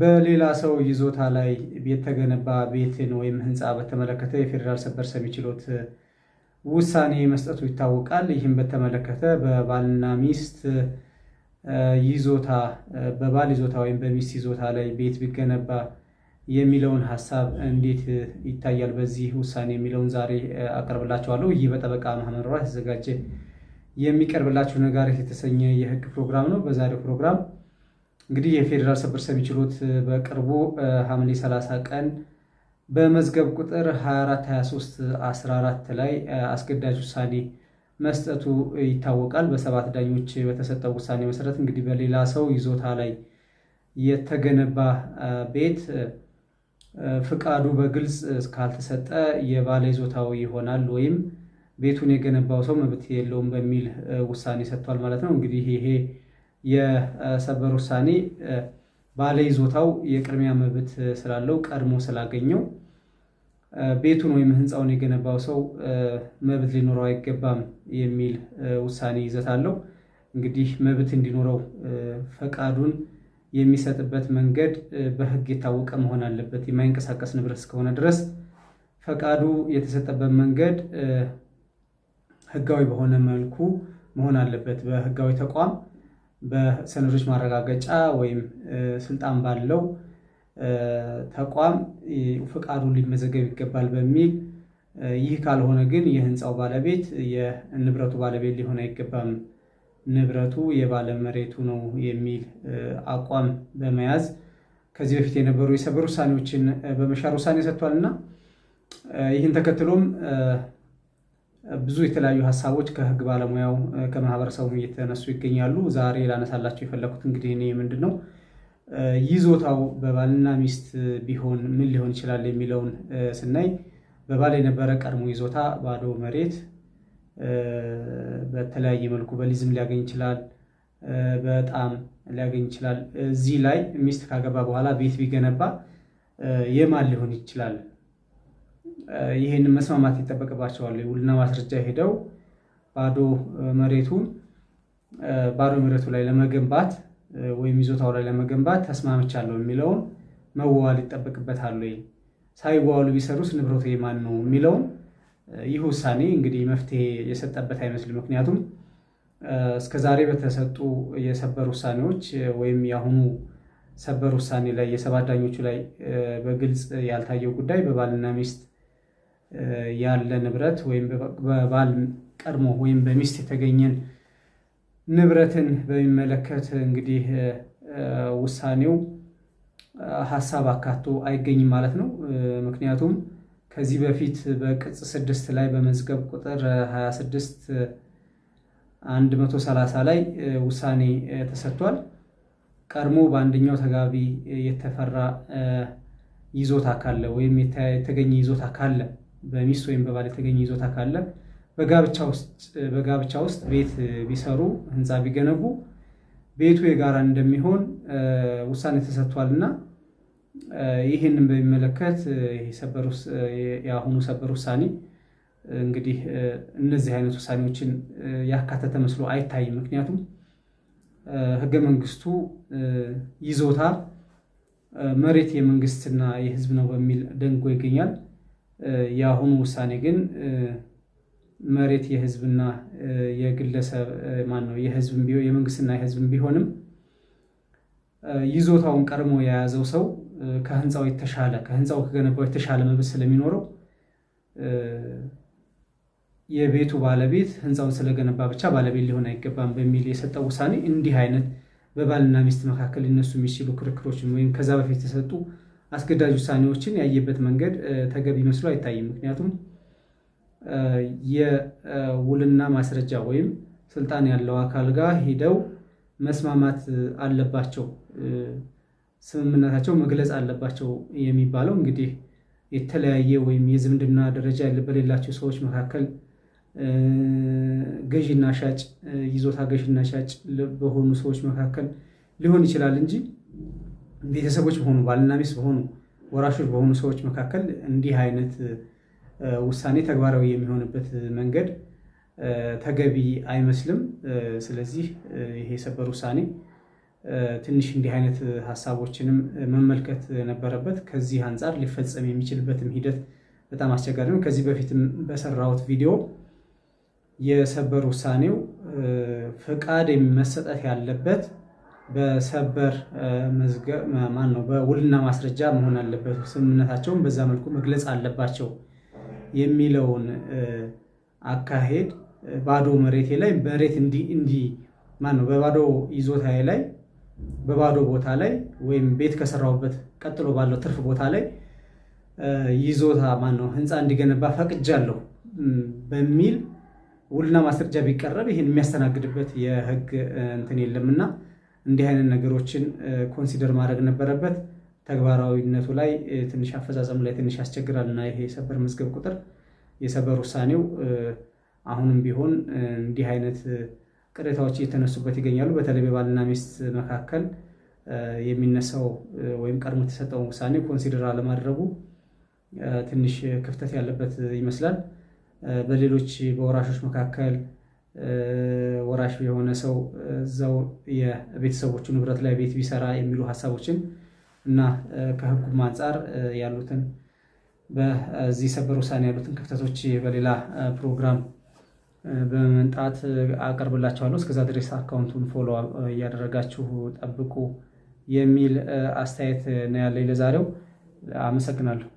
በሌላ ሰው ይዞታ ላይ የተገነባ ቤትን ወይም ህንፃ በተመለከተ የፌዴራል ሰበር ሰሚ ችሎት ውሳኔ መስጠቱ ይታወቃል። ይህም በተመለከተ በባልና ሚስት ይዞታ በባል ይዞታ ወይም በሚስት ይዞታ ላይ ቤት ቢገነባ የሚለውን ሀሳብ እንዴት ይታያል በዚህ ውሳኔ የሚለውን ዛሬ አቀርብላችኋለሁ። ይህ በጠበቃ ማህመር የተዘጋጀ የሚቀርብላችሁ ነጋሪት የተሰኘ የህግ ፕሮግራም ነው። በዛሬው ፕሮግራም እንግዲህ የፌዴራል ሰበር ሰሚ ችሎት በቅርቡ ሐምሌ 30 ቀን በመዝገብ ቁጥር 242314 ላይ አስገዳጅ ውሳኔ መስጠቱ ይታወቃል። በሰባት ዳኞች በተሰጠው ውሳኔ መሰረት እንግዲህ በሌላ ሰው ይዞታ ላይ የተገነባ ቤት ፍቃዱ በግልጽ እስካልተሰጠ የባለ ይዞታዊ ይሆናል ወይም ቤቱን የገነባው ሰው መብት የለውም በሚል ውሳኔ ሰጥቷል ማለት ነው። እንግዲህ ይሄ የሰበር ውሳኔ ባለይዞታው የቅድሚያ መብት ስላለው ቀድሞ ስላገኘው ቤቱን ወይም ህንፃውን የገነባው ሰው መብት ሊኖረው አይገባም የሚል ውሳኔ ይዘት አለው። እንግዲህ መብት እንዲኖረው ፈቃዱን የሚሰጥበት መንገድ በህግ የታወቀ መሆን አለበት። የማይንቀሳቀስ ንብረት እስከሆነ ድረስ ፈቃዱ የተሰጠበት መንገድ ህጋዊ በሆነ መልኩ መሆን አለበት። በህጋዊ ተቋም በሰነዶች ማረጋገጫ ወይም ስልጣን ባለው ተቋም ፍቃዱ ሊመዘገብ ይገባል በሚል ይህ ካልሆነ ግን የህንፃው ባለቤት የንብረቱ ባለቤት ሊሆን አይገባም፣ ንብረቱ የባለመሬቱ ነው የሚል አቋም በመያዝ ከዚህ በፊት የነበሩ የሰበር ውሳኔዎችን በመሻር ውሳኔ ሰጥቷል እና ይህን ተከትሎም ብዙ የተለያዩ ሀሳቦች ከህግ ባለሙያው ከማህበረሰቡ እየተነሱ ይገኛሉ። ዛሬ ላነሳላቸው የፈለኩት እንግዲህ እኔ ምንድን ነው ይዞታው በባልና ሚስት ቢሆን ምን ሊሆን ይችላል የሚለውን ስናይ በባል የነበረ ቀድሞ ይዞታ ባዶ መሬት በተለያየ መልኩ በሊዝም ሊያገኝ ይችላል፣ በጣም ሊያገኝ ይችላል። እዚህ ላይ ሚስት ካገባ በኋላ ቤት ቢገነባ የማን ሊሆን ይችላል? ይህንን መስማማት ይጠበቅባቸዋል። ውልና ማስረጃ ሄደው ባዶ መሬቱን ባዶ መሬቱ ላይ ለመገንባት ወይም ይዞታው ላይ ለመገንባት ተስማምቻለሁ የሚለውን መዋዋል ይጠበቅበታል ወይ? ሳይዋዋሉ ቢሰሩስ ንብረቱ የማን ነው የሚለውን ይህ ውሳኔ እንግዲህ መፍትሄ የሰጠበት አይመስልም። ምክንያቱም እስከዛሬ በተሰጡ የሰበር ውሳኔዎች ወይም የአሁኑ ሰበር ውሳኔ ላይ የሰባት ዳኞቹ ላይ በግልጽ ያልታየው ጉዳይ በባልና ሚስት ያለ ንብረት ወይም በባል ቀድሞ ወይም በሚስት የተገኘን ንብረትን በሚመለከት እንግዲህ ውሳኔው ሀሳብ አካቶ አይገኝም ማለት ነው። ምክንያቱም ከዚህ በፊት በቅጽ ስድስት ላይ በመዝገብ ቁጥር 26 130 ላይ ውሳኔ ተሰጥቷል። ቀድሞ በአንደኛው ተጋቢ የተፈራ ይዞታ ካለ ወይም የተገኘ ይዞታ ካለ በሚስት ወይም በባል የተገኘ ይዞታ ካለ በጋብቻ ውስጥ ቤት ቢሰሩ ህንፃ ቢገነቡ ቤቱ የጋራ እንደሚሆን ውሳኔ ተሰጥቷል እና ይህንን በሚመለከት የአሁኑ ሰበር ውሳኔ እንግዲህ እነዚህ አይነት ውሳኔዎችን ያካተተ መስሎ አይታይም። ምክንያቱም ህገ መንግስቱ ይዞታ መሬት የመንግስትና የህዝብ ነው በሚል ደንጎ ይገኛል። የአሁኑ ውሳኔ ግን መሬት የህዝብና የግለሰብ ማን ነው የህዝብ የመንግስትና የህዝብን ቢሆንም ይዞታውን ቀድሞ የያዘው ሰው ከህንፃው የተሻለ ከህንፃው ከገነባው የተሻለ መብት ስለሚኖረው የቤቱ ባለቤት ህንፃውን ስለገነባ ብቻ ባለቤት ሊሆን አይገባም በሚል የሰጠው ውሳኔ እንዲህ አይነት በባልና ሚስት መካከል ሊነሱ የሚችሉ ክርክሮችን ወይም ከዛ በፊት የተሰጡ አስገዳጅ ውሳኔዎችን ያየበት መንገድ ተገቢ መስሎ አይታይም። ምክንያቱም የውልና ማስረጃ ወይም ስልጣን ያለው አካል ጋር ሄደው መስማማት አለባቸው፣ ስምምነታቸው መግለጽ አለባቸው የሚባለው እንግዲህ የተለያየ ወይም የዝምድና ደረጃ በሌላቸው ሰዎች መካከል ገዢና ሻጭ ይዞታ ገዥና ሻጭ በሆኑ ሰዎች መካከል ሊሆን ይችላል እንጂ ቤተሰቦች በሆኑ ባልና ሚስት በሆኑ ወራሾች በሆኑ ሰዎች መካከል እንዲህ አይነት ውሳኔ ተግባራዊ የሚሆንበት መንገድ ተገቢ አይመስልም። ስለዚህ ይሄ የሰበር ውሳኔ ትንሽ እንዲህ አይነት ሀሳቦችንም መመልከት ነበረበት። ከዚህ አንጻር ሊፈጸም የሚችልበትም ሂደት በጣም አስቸጋሪ ነው። ከዚህ በፊትም በሰራሁት ቪዲዮ የሰበር ውሳኔው ፈቃድ መሰጠት ያለበት በሰበር ማን ነው በውልና ማስረጃ መሆን አለበት፣ ስምምነታቸውን በዛ መልኩ መግለጽ አለባቸው የሚለውን አካሄድ ባዶ መሬቴ ላይ መሬት እንዲ ማን ነው በባዶ ይዞታዬ ላይ በባዶ ቦታ ላይ ወይም ቤት ከሰራሁበት ቀጥሎ ባለው ትርፍ ቦታ ላይ ይዞታ ማን ነው ህንፃ እንዲገነባ ፈቅጃለሁ በሚል ውልና ማስረጃ ቢቀረብ ይህን የሚያስተናግድበት የህግ እንትን የለምና እንዲህ አይነት ነገሮችን ኮንሲደር ማድረግ ነበረበት። ተግባራዊነቱ ላይ ትንሽ አፈጻጸም ላይ ትንሽ ያስቸግራል እና ይሄ የሰበር መዝገብ ቁጥር የሰበር ውሳኔው አሁንም ቢሆን እንዲህ አይነት ቅሬታዎች እየተነሱበት ይገኛሉ። በተለይ በባልና ሚስት መካከል የሚነሳው ወይም ቀድሞ የተሰጠውን ውሳኔ ኮንሲደር አለማድረጉ ትንሽ ክፍተት ያለበት ይመስላል። በሌሎች በወራሾች መካከል ተደራሽ የሆነ ሰው እዛው የቤተሰቦቹ ንብረት ላይ ቤት ቢሰራ የሚሉ ሀሳቦችን እና ከህጉም አንጻር ያሉትን በዚህ ሰበር ውሳኔ ያሉትን ክፍተቶች በሌላ ፕሮግራም በመምጣት አቀርብላችኋለሁ። እስከዛ ድረስ አካውንቱን ፎሎ እያደረጋችሁ ጠብቁ የሚል አስተያየት ነው ያለኝ ለዛሬው። አመሰግናለሁ።